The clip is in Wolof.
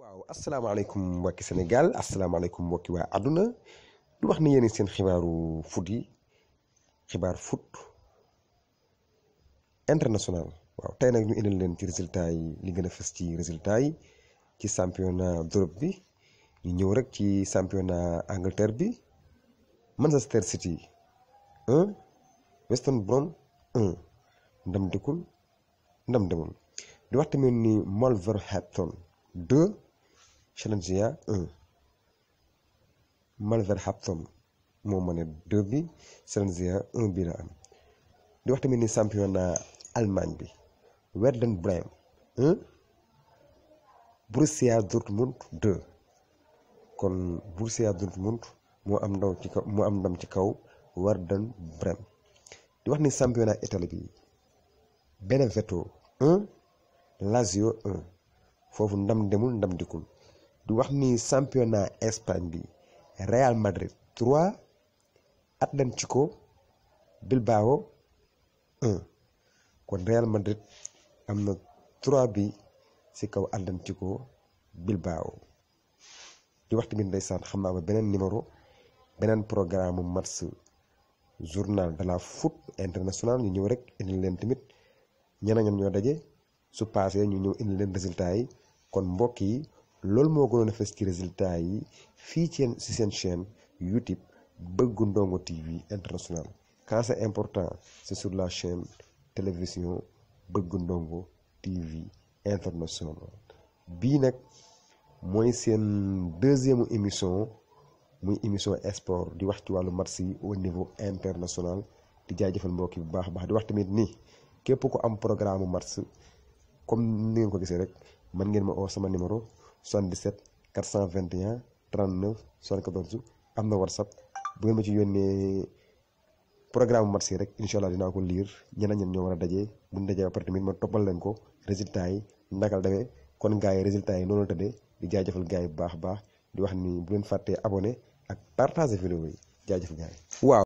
waaw asalaamaaleykum mbokki Sénégal asalaamaaleykum mbokki waa àdduna lu wax ni yéen seen xibaaru foot yi xibaar foot international waaw tey nag ñu indil leen ci résultat yi li gën a fës ci résultat yi ci championnat d'Europe bi ñu ñëw rek ci championnat Angleterre bi Manchester City 1 West Brom 1 ndam dëkkul ndam demul di wax tamit ni Wolverhampton Challengea 1 Wolverhampton moo mën a 2 bi Challengea am di wax tamit ni championnat Allemagne bi Werder Bremen 1 Borussia Dortmund kon Borussia Dortmund moo am ndaw ci ndam ci kaw Werder Bremen di ni championnat Italie bi Benevento Lazio foofu ndam demul ndam di wax ni championnat Espagne bi Real Madrid 3 Atlético Bilbao 1 kon Real Madrid am na 3 bi ci kaw Atlético Bilbao di wax tamit ndeysaan xam naa ba beneen numéro beneen programme match journal de fut foot international ñu ñëw rek indi leen tamit ñeneen ñoo daje su paasee ñu ñëw indi leen résultat yi kon mbokk yi. loolu moo gënoon a fes ci résultat yi fii ci si seen chaîne YouTube Bëggu Ndongo TV international quand c'est important si sur la chaîne télévision Bëggu Ndongo TV international bii nag mooy seen deuxième émission muy émission sport di wax ci wàllu match yi au niveau international di jaajëfal mbokk yi bu baax a baax di wax tamit nii képp ku am programme match comme ni ngeen ko gisee rek mën ngeen ma oo sama numéro 77 421 39 74 am na whatsapp bu ngeen ma ci yónnee programme match yi rek incha allah dinaa ko liir ñenn ñen ñoo war a dajee bu ñu dajee ba pare tamit ma toppal leen ko résultat yi naka la demee kon gars yi résultat yi noonu la tëddee di jaajëfal gars yi bu baax a baax di wax ni bu leen fàttee abonné ak partager vidéo yi jaajëf gars yi waaw